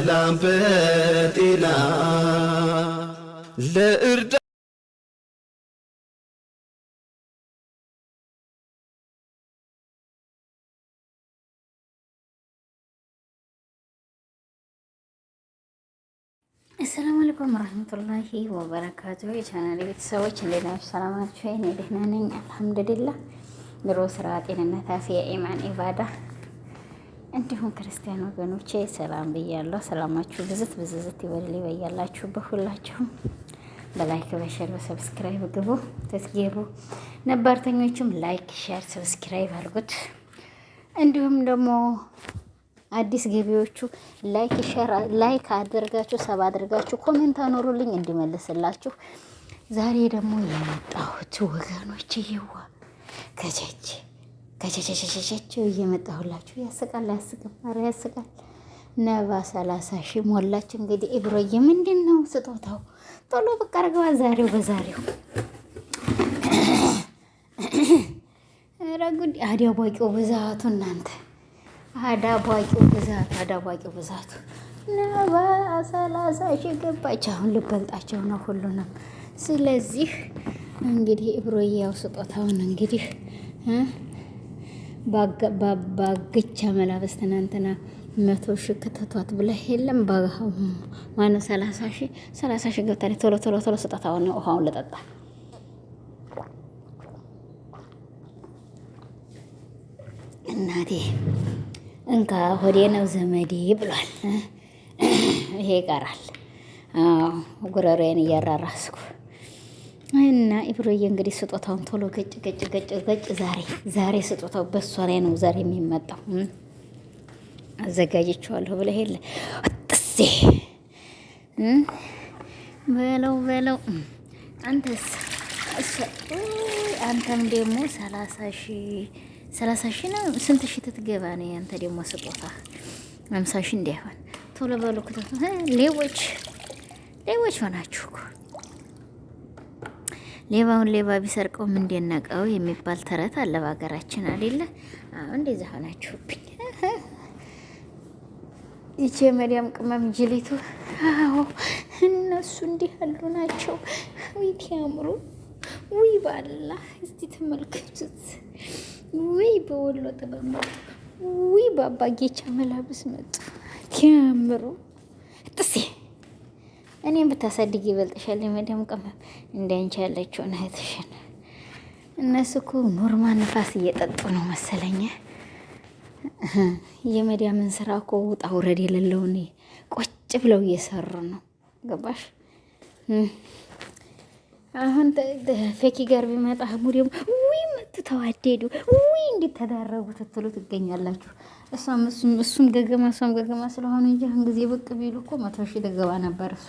በሰላም በጤና ለእርዳ አሰላሙ አለይኩም ወረህመቱላሂ ወበረካቱ። የቻናል ቤተሰቦች እንዴት ናችሁ? ሰላም ናችሁ? እኔ ደህና ነኝ፣ አልሐምዱሊላህ። ድሮ ስራ፣ ጤንነት፣ አፍያ፣ ኢማን፣ ኢባዳ እንዲሁም ክርስቲያን ወገኖቼ ሰላም ብያለሁ። ሰላማችሁ ብዝት ብዝዝት ይበልል ይበያላችሁ። በሁላችሁም በላይክ በሸር በሰብስክራይብ ግቡ ተስጌቡ ነባርተኞችም ላይክ ሸር ሰብስክራይብ አድርጉት። እንዲሁም ደግሞ አዲስ ገቢዎቹ ላይክ ሸር ላይክ አድርጋችሁ ሰብ አድርጋችሁ ኮሜንት አኖሩልኝ እንዲመልስላችሁ። ዛሬ ደግሞ የመጣሁት ወገኖች ይዋ ከጀጅ ከቸቸቸቸቸው እየመጣሁላችሁ ያስቃል፣ አያስቅም? ኧረ ያስቃል። ነባ ሰላሳ ሺህ ሞላች። እንግዲህ ኢብሮዬ ምንድን ነው ስጦታው? ቶሎ ብቅ አድርገዋ ዛሬው በዛሬው ረጉድ አዳቧቂው ብዛቱ እናንተ አዳቧቂው ብዛቱ አዳቧቂው ብዛቱ ነባ ሰላሳ ሺህ ገባች። አሁን ልበልጣቸው ነው ሁሉንም። ስለዚህ እንግዲህ ኢብሮዬ ያው ስጦታውን እንግዲህ ባግቻ መላበስ ትናንትና መቶ ሺ ክተቷት ብላ የለም ማነው ሰላሳ ሺ ሰላሳ ሺ ገብታ ቶሎ ቶሎ ቶሎ ስጠት፣ አሁን ውሃውን ልጠጣ እናቴ እንካ ሆዴ ነው ዘመዴ ብሏል። ይሄ ይቀራል ጉረሮዬን እያራራስኩ እና ኢብሮዬ እንግዲህ ስጦታውን ቶሎ ገጭ ገጭ ገጭ ገጭ ዛሬ ዛሬ ስጦታው በእሷ ላይ ነው ዛሬ የሚመጣው። አዘጋጅቼዋለሁ ብለ ሄለ ጥሴ በለው በለው። አንተስ አንተም ደግሞ ሰላሳ ሺ ሰላሳ ሺ ነው። ስንት ሺ ትትገባ ነው አንተ ደግሞ ስጦታ? አምሳ ሺ እንዲያሆን ቶሎ በሉ። ክተቱ ሌቦች ሌቦች ሆናችሁ ሌባውን ሌባ ቢሰርቀው እንደነቀው የሚባል ተረት አለ በሀገራችን አይደለ? አሁን እንደዛ ሆናችሁብኝ። ይቺ መዲያም ቅመም ጅሊቱ አዎ፣ እነሱ እንዲህ ያሉ ናቸው። ውይ ያምሩ። ውይ ባላ እስቲ ተመልከቱት፣ ውይ በወሎ ጥበብ መጡ፣ ውይ በአባጌቻ መላብስ መጡ፣ ቲያምሩ ጥሴ እኔም ብታሳድግ ይበልጥሻል። የመዳም ቅመም እንዲያንቺ ያለችውን እህትሽን እነሱ እኮ ኖርማ ንፋስ እየጠጡ ነው መሰለኝ። የመዲያምን ስራ እኮ ውጣ ውረድ የሌለውን ቆጭ ብለው እየሰሩ ነው። ገባሽ? አሁን ፌኪ ጋር ቢመጣ ሙዲም ውይ መቱ ተዋደዱ ውይ እንዲተዳረጉ ትትሉ ትገኛላችሁ። እሱም ገገማ እሷም ገገማ ስለሆኑ እንጂ አሁን ጊዜ ብቅ ቢሉ እኮ መቶ ሺህ ትገባ ነበር። እሷ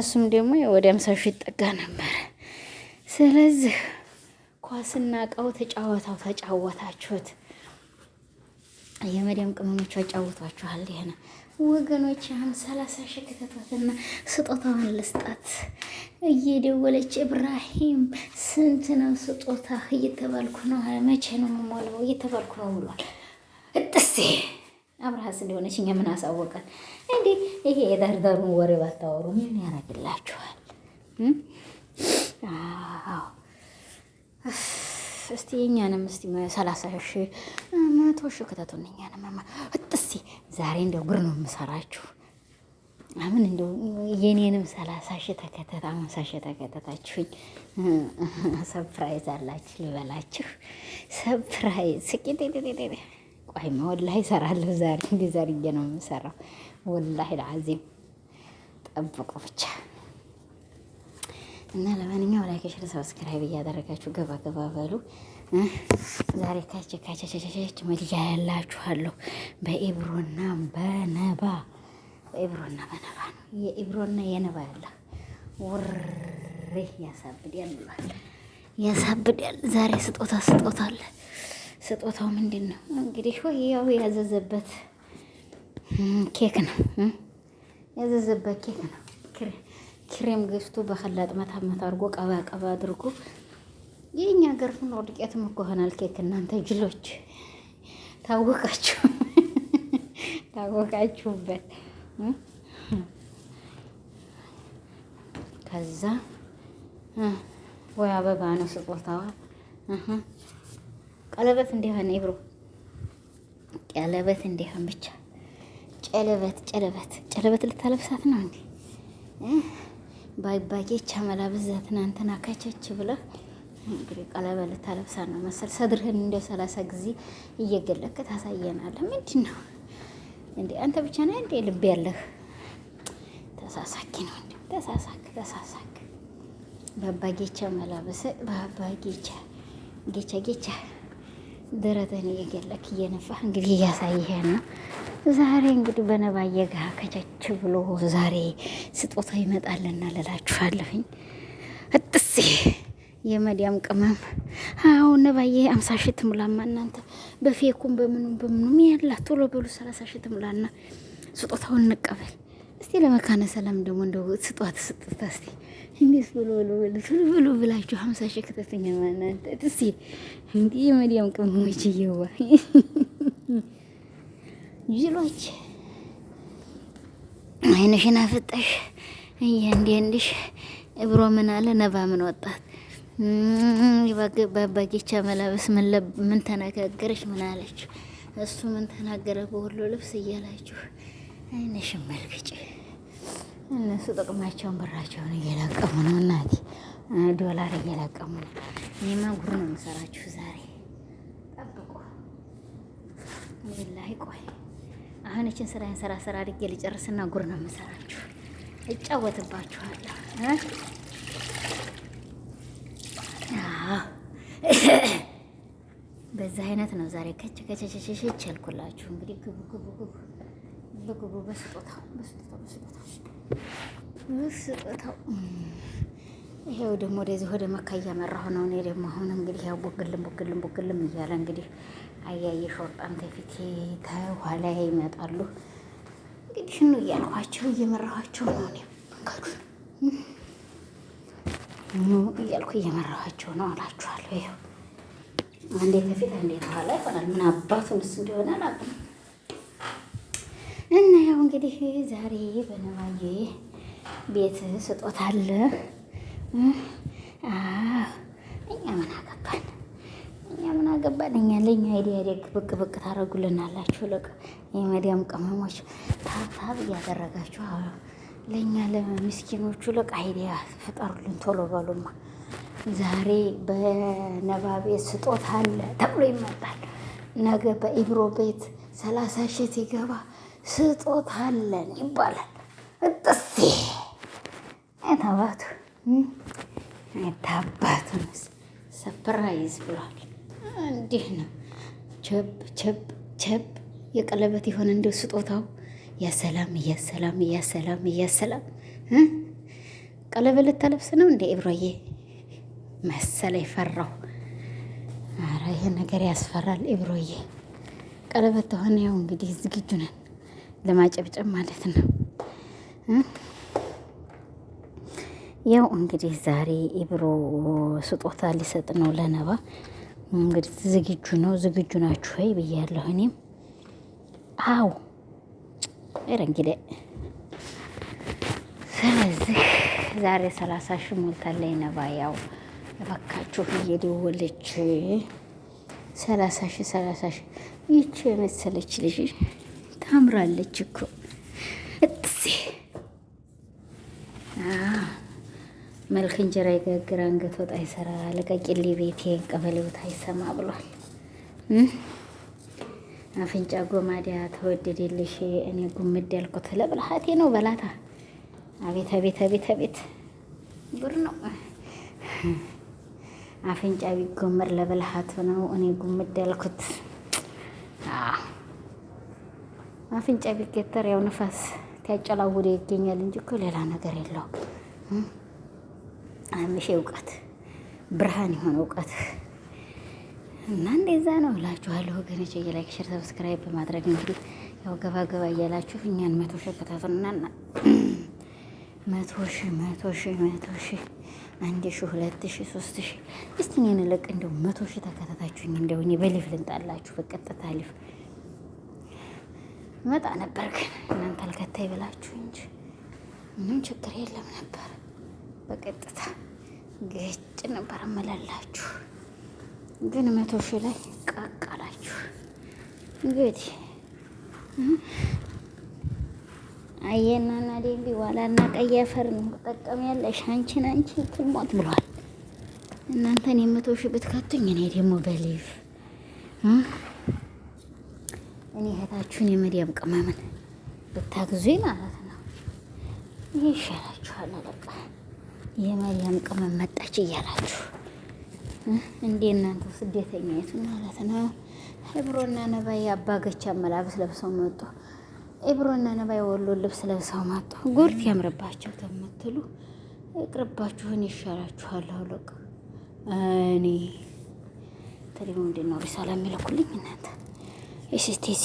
እሱም ደግሞ ወደ አምሳ ሺህ ይጠጋ ነበር። ስለዚህ ኳስና እቃው ተጫወታው ተጫወታችሁት። የመዲያም ቅመሞች አጫውቷችኋል። ይሄን ወገኖች አሁን ሰላሳ ሺህ ክተቷትና ስጦታውን ልስጣት እየደወለች እብራሂም ስንት ነው ስጦታ እየተባልኩ ነው፣ መቼ ነው የምሞላው እየተባልኩ ነው ብሏል። እጥሴ አብርሃስ እንደሆነች እኛ ምን አሳወቀን እንዴ? ይሄ የደርደሩን ወሬ ባታወሩ ምን ያደርግላችኋል? እስቲ የእኛንም እስቲ ሰላሳ ሺ መቶ ሺ ክተቱን እኛንም እጥሴ ዛሬ እንደው ጉር ነው የምሰራችሁ። አምን እንደው የኔንም ሰላሳ ሺ ተከተት አምሳ ሺ ተከተታችሁኝ፣ ሰፕራይዝ አላችሁ ልበላችሁ። ሰፕራይዝ ስቂት ሀይሚ ወላሂ እሰራለሁ። ዛሬ እንዲህ ዛሬ ነው የምሰራው። ወላሂ ለዓዚም ጠብቁ ብቻ እና ለማንኛው ላይክ፣ ሼር፣ ሰብስክራይብ እያደረጋችሁ ገባ ገባ በሉ። ዛሬ ካች ካች ሸሸሸች ያላችኋለሁ በኢብሮና በነባ በኢብሮና በነባ ነው የኢብሮና የነባ ያለ ውሬ ያሳብዳል ብሏል። ያሳብዳል ዛሬ ስጦታ ስጦታ ስጦታው ምንድን ነው እንግዲህ? ወይ ያው ያዘዘበት ኬክ ነው ያዘዘበት ኬክ ነው። ክሬም ገዝቶ በከላጥ መታ አድርጎ ቀባ ቀባ አድርጎ የእኛ ሀገር ፍኖ ዱቄትም እኮ ኬክ። እናንተ ጅሎች ታወቃችሁ ታወቃችሁበት። ከዛ ወይ አበባ ነው ስጦታዋ ቀለበት እንዲሆን ይብሩ ቀለበት እንዲሆን ብቻ ቀለበት ቀለበት ቀለበት ልታለብሳት ነው እንዴ? ባይባጌ ቻመላ ብዛ ትናንትና ከቸች ብለህ እንግዲህ ቀለበት ልታለብሳት ነው መሰል። ሰድርህን እንደ ሰላሳ ጊዜ እየገለክ ታሳየናለህ። ምንድን ነው እንዴ? አንተ ብቻ ነህ እንዴ ልብ ያለህ? ተሳሳኪ ነው እንዴ? ተሳሳክ ተሳሳክ። ባባጌቻ መላብሰ ባባጌቻ ጌቻ ጌቻ ድረትህን እየገለክ እየነፋህ እንግዲህ ነው። ዛሬ እንግዲህ በነባዬ ጋ ከቻች ብሎ ዛሬ ስጦታ ይመጣልና ልላችኋለሁኝ። እጥስ የመዲያም ቅመም አዎ ነባዬ አምሳ ሺ ትሙላማ እናንተ በፌኩም በምኑም በምኑም ያላ ቶሎ በሉ ሰላሳ ሺ ትሙላና ስጦታውን እንቀበል እስቲ። ለመካነ ሰላም ደግሞ እንደው ስጧት ስጦታ እስቲ እንዴት ብሎ ብሎ ብሎ ብሎ ብሎ ብላችሁ ሀምሳ ሺህ ከተተኛ ማናንተ ትሲ እንዲ የመዲያም ቅመሞች እየዋ ጅሎች አይንሽን አፍጠሽ እያንዳንድሽ እብሮ ምን አለ ነባ ምን ወጣት በአባጌቻ መላበስ ምን ተነጋገረች ምን አለች እሱ ምን ተናገረ በሁሉ ልብስ እያላችሁ አይንሽን መልክጭ እነሱ ጥቅማቸውን ብራቸውን እየለቀሙ ነው። እናቴ ዶላር እየለቀሙ ነው። እኔማ ጉር ነው የምሰራችሁ ዛሬ። ጠብቆ ላይ ቆይ አሁን ይችን ስራ ስራ ስራ አድጌ ልጨርስና ጉር ነው የምሰራችሁ። እጫወትባችኋለሁ። በዚህ አይነት ነው ዛሬ ከች ከቸሸሸሸች ያልኩላችሁ። እንግዲህ ግቡ ግቡ ግቡ ግቡ በስጦታው በስጦታው በስጦታው ስጦታው ይሄው ደግሞ ወደዚህ ወደ መካ እያመራሁ ነው። እኔ ደግሞ አሁን እንግዲህ ያው ቦግልም ቦግልም ቦግልም እያለ እንግዲህ አያየ ሾርጣም ተፊቴ ተኋላ ይመጣሉ። እንግዲህ ነው እያልኳቸው እየመራኋቸው ነው እኔ መንገዱን እያልኩ እየመራኋቸው ነው አላችኋለሁ። ይኸው አንዴ ተፊት አንዴ ተኋላ ይሆናል። ምን አባቱ እንዲሆነ አላውቅም። እና ያው እንግዲህ ዛሬ በነባዬ ቤት ስጦታ አለ። እኛ ምን አገባን? እኛ ምን አገባን? እኛ ለእኛ አይዲያ ደግ ብቅ ብቅ ታደርጉልናላችሁ። ልቅ የመዲያም ቅመሞች ታብታብ እያደረጋችሁ ለእኛ ለምስኪኖቹ ልቅ አይዲያ ፍጠሩልን፣ ቶሎ በሉማ። ዛሬ በነባ ቤት ስጦታ አለ ተብሎ ይመጣል። ነገ በኢብሮ ቤት ሰላሳ ሺህ ይገባ ስጦታ አለን ይባላል። እጥሴ የታባቱ የታባቱንስ ሰፕራይዝ ብሏል። እንዲህ ነው ቸብ ቸብ ቸብ የቀለበት የሆነ እንደው ስጦታው ያሰላም እያሰላም እያሰላም እያሰላም ቀለበት ልታለብስ ነው እንደ ኢብሮዬ መሰለ የፈራው። ኧረ ይሄ ነገር ያስፈራል። ኢብሮዬ ቀለበት ተሆነ ያው እንግዲህ ዝግጁ ነን። ለማጨብጨብ ማለት ነው። ያው እንግዲህ ዛሬ ኢብሮ ስጦታ ሊሰጥ ነው ለነባ። እንግዲህ ዝግጁ ነው ዝግጁ ናችሁ ወይ ብያለሁ። እኔም አዎ ረ ስለዚህ ዛሬ ሰላሳ ሺ ሞልታለች ነባ። ያው እባካችሁ እየደወለች ሰላሳ ሺ ሰላሳ ሺ ይቺ የመሰለች ልጅ ታምራለች እኮ እጥሴ መልክ እንጀራ ይጋግር አንገት ወጣ ይሰራ ለቀቂሌ ቤቴ ቀበሌ ወጥ አይሰማ ብሏል። አፍንጫ ጎማዲያ ተወደደልሽ እኔ ጉምድ ያልኩት ለብልሃቴ ነው በላታ። አቤት አቤት አቤት አቤት ብር ነው አፍንጫ ቢጎመር ለብልሃቱ ነው እኔ ጉምድ ያልኩት። አፍንጫ ቢገተር ያው ንፋስ ያጨላውደ ይገኛል እንጂ እኮ ሌላ ነገር የለውም። አምሽ እውቀት ብርሃን የሆነ እውቀት እና እንደዛ ነው እላችኋለሁ ወገኖች። የላይክ ሸር፣ ሰብስክራይብ በማድረግ እንግዲህ ያው ገባ ገባ እያላችሁ እኛን መቶ ሺህ ከታተኑና መቶ ሺህ መቶ ሺህ መቶ ሺህ አንድ ሺህ ሁለት ሺህ ሶስት ሺህ እስቲ እኔን ለቅ እንደው መቶ ሺህ ተከታታችሁኝ እንደው እኔ በሊፍ ልንጣላችሁ በቀጥታ ሊፍ መጣ ነበር ግን እናንተ አልከታይ ብላችሁ እንጂ ምንም ችግር የለም ነበር። በቀጥታ ግጭ ነበር እመላላችሁ። ግን መቶ ሺህ ላይ ቃቃላችሁ። እንግዲህ አየና አየናና ዴቢ ዋላና ቀይ አፈር ነው ተጠቀም ያለሽ አንቺን አንቺ ትሞት ብሏል። እናንተን የመቶ ሺህ ብትከቱኝ እኔ ደግሞ በሊቭ እኔ እህታችሁን የመዲያም ቅመምን ብታግዙኝ ማለት ነው። ይህ ይሻላችኋል። በቃ የመዲያም ቅመም መጣች እያላችሁ እንዴ እናንተ ስደተኛየቱ ማለት ነው። ኢብሮና ነባይ አባገቻ አመላበስ ለብሰው መጡ። ኢብሮና ነባይ ወሎ ልብስ ለብሰው መጡ። ጉርት ያምርባቸው ከምትሉ እቅርባችሁን ይሻላችኋል። አውለቅ እኔ ተሪሞ እንዴት ነው ሪሳላ የሚልኩልኝ እናንተ እስስቴዚ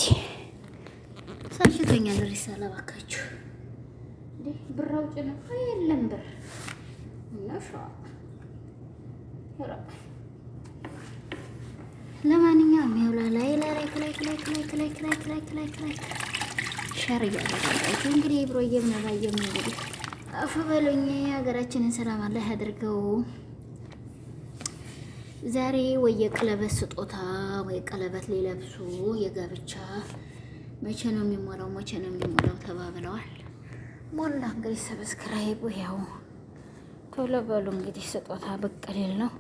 ሳሽተኛ ልሬሳ ላባካችሁ እንዴ ብር አውጭ ነው የለም ብር ለማንኛውም ያውላ ላይክ ላይክ ላይክ ላይክ ላይክ ላይክ ላይክ ላይክ ላይክ ላይክ ሸር እያደረጋችሁ እንግዲህ ብሮዬም ነባዬም እንግዲህ አፉ ሀገራችንን ሰላም አላህ ያድርገው። ዛሬ ወይ የቀለበት ስጦታ ወይ ቀለበት ሊለብሱ የጋብቻ መቼ ነው የሚሞላው? መቼ ነው የሚሞላው ተባብለዋል። ሞላ እንግዲህ ሰብስክራይብ ያው ቶሎ በሉ እንግዲህ ስጦታ ብቅ ሊል ነው።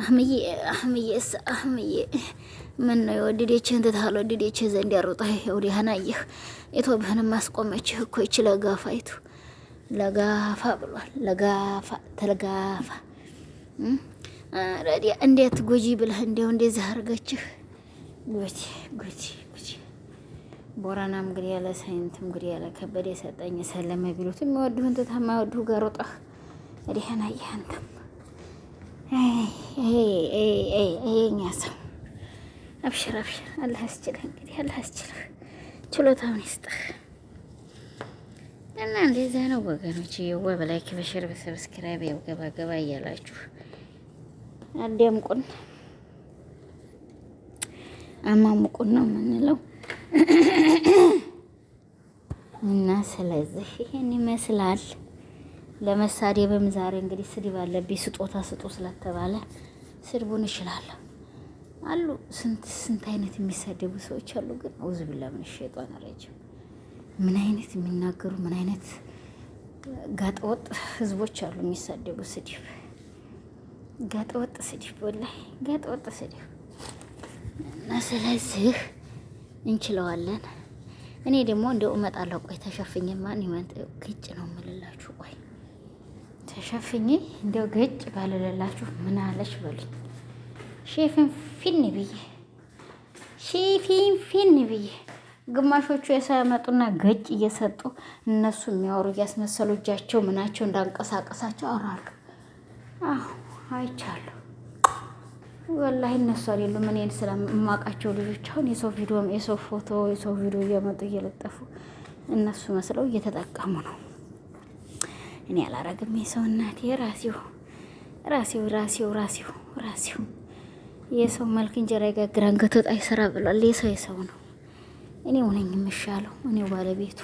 አህምዬ አህምዬ ስ አህምዬ ምን ነው የወደደችህ እንትን ታልወደደችህ ዘንድ ያሮጣ ወዲያህና ይህ የቶብህን ማስቆመችህ እኮ ይች ለጋፋ ይቱ ለጋፋ ብሏል። ለጋፋ ተለጋፋ ረዲያ እንዴት ጎጂ ብለህ እንዲያው እንደዚህ አድርገችህ ጉጂ ጉጂ ጉጂ ቦረናም እንግዲህ ያለ ሳይንትም እንግዲህ ያለ ከበደ የሰጠኝ ሰለመ ቢሉት የሚወዱህን ትታ የማይወዱህ ጋር ወጣህ። እዲህን አያንተም ይኛ ሰው አብሽር አብሽር፣ አላህ ያስችልህ እንግዲህ አላህ ያስችልህ፣ ችሎታውን ይስጥህ። እና እንደዛ ነው ወገኖች፣ የዋ በላይክ በሽር በሰብስክራይብ ያው ገባ ገባ እያላችሁ አደምቁን አማሙቁን ነው የምንለው እና ስለዚህ ይሄን ይመስላል። ለመሳደብም ዛሬ እንግዲህ ስድብ አለብኝ። ስጦታ ስጡ ስለተባለ ስድቡን እችላለሁ አሉ። ስንት ስንት አይነት የሚሳደቡ ሰዎች አሉ። ግን አውዝ ቢላ ምን ረጅም ምን አይነት የሚናገሩ ምን አይነት ጋጠወጥ ህዝቦች አሉ የሚሳደቡ ስድብ ጋጠወጥ ስድብ ወላሂ ጋጠወጥ ስድብ እና ስለዚህ እንችለዋለን። እኔ ደግሞ እንደው እመጣለሁ። ቆይ ተሸፍኝ ማን ይመንጥ ግጭ ነው የምልላችሁ። ቆይ ተሸፍኝ እንደው ግጭ ባልልላችሁ ምን አለች በሉኝ። ሺፊን ፊን ብዬ ሺፊን ፊን ብዬ ግማሾቹ የሳያመጡና ገጭ እየሰጡ እነሱ የሚያወሩ እያስመሰሉ እጃቸው ምናቸው እንዳንቀሳቀሳቸው አውራሉ። አዎ አይቻለሁ። ወላሂ እነሱ አይደሉም እኔን ስለማውቃቸው ልጆች አሁን የሰው ቪዲዮ የሰው ፎቶ የሰው ቪዲዮ እየመጡ እየለጠፉ እነሱ መስለው እየተጠቀሙ ነው። እኔ አላረግም። የሰው እናቴ ራሴው ራሴው ራሴው ራሴው ራሴው የሰው መልክ እንጀራ ይጋግር አንገት ወጥ አይሰራ ብሏል። የሰው የሰው ነው። እኔ ሆነኝ የምሻለው፣ እኔው ባለቤቱ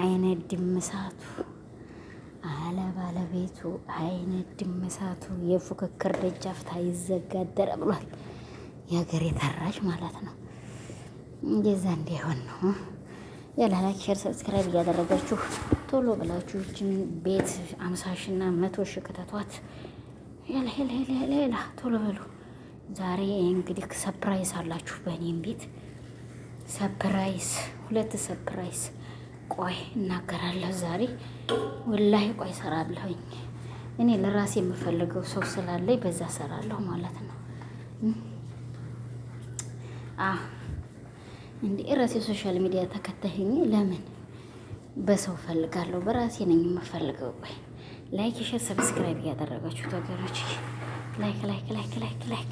አይነ ድምሳቱ አለ ባለቤቱ። አይነድም እሳቱ፣ የፉክክር ደጃፍ ታይዘጋደረ ብሏል። የሀገር የተራሽ ማለት ነው። እንደዛ እንዲሆን ነው። የላላክ ሼር፣ ሰብስክራይብ እያደረጋችሁ ቶሎ ብላችሁ ይችን ቤት አምሳሽና መቶ ሺ ክተቷት። ሌላ ቶሎ በሉ። ዛሬ እንግዲህ ሰፕራይዝ አላችሁ በእኔም ቤት ሰፕራይዝ፣ ሁለት ሰፕራይዝ ቆይ እናገራለሁ ዛሬ ወላሂ ቆይ ሰራለሁኝ። እኔ ለራሴ የምፈልገው ሰው ስላለኝ በዛ ሰራለሁ ማለት ነው። እንዲህ ራሴ ሶሻል ሚዲያ ተከታይኝ ለምን በሰው ፈልጋለሁ? በራሴ ነኝ የምፈልገው። ቆይ ላይክ፣ ሸር፣ ሰብስክራይብ እያደረጋችሁት ወገኖች ላይክ ላይክ ላይክ ላይክ ላይክ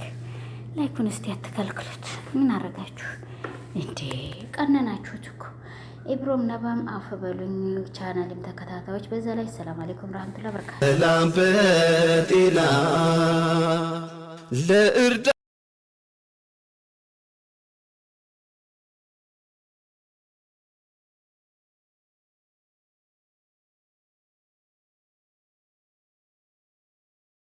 ላይኩን እስቲ አትከልክሉት። ምን አረጋችሁ እንዴ? ቀነናችሁት እኮ ኢብሮም ነባም አፈበሉኝ በሉኝ ቻናልም ተከታታዮች፣ በዛ ላይ ሰላም አለይኩም ረህመቱላሂ በረካቱ። ሰላም በጤና ለእርዳ